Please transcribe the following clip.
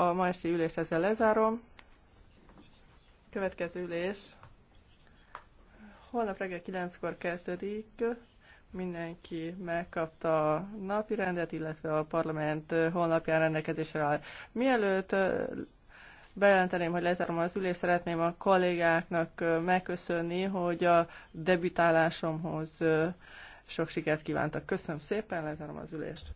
A ma esti ülést ezzel lezárom. Következő ülés holnap reggel 9-kor kezdődik. Mindenki megkapta a napi rendet, illetve a parlament holnapján rendelkezésre áll. Mielőtt bejelenteném, hogy lezárom az ülést, szeretném a kollégáknak megköszönni, hogy a debütálásomhoz sok sikert kívántak. Köszönöm szépen, lezárom az ülést.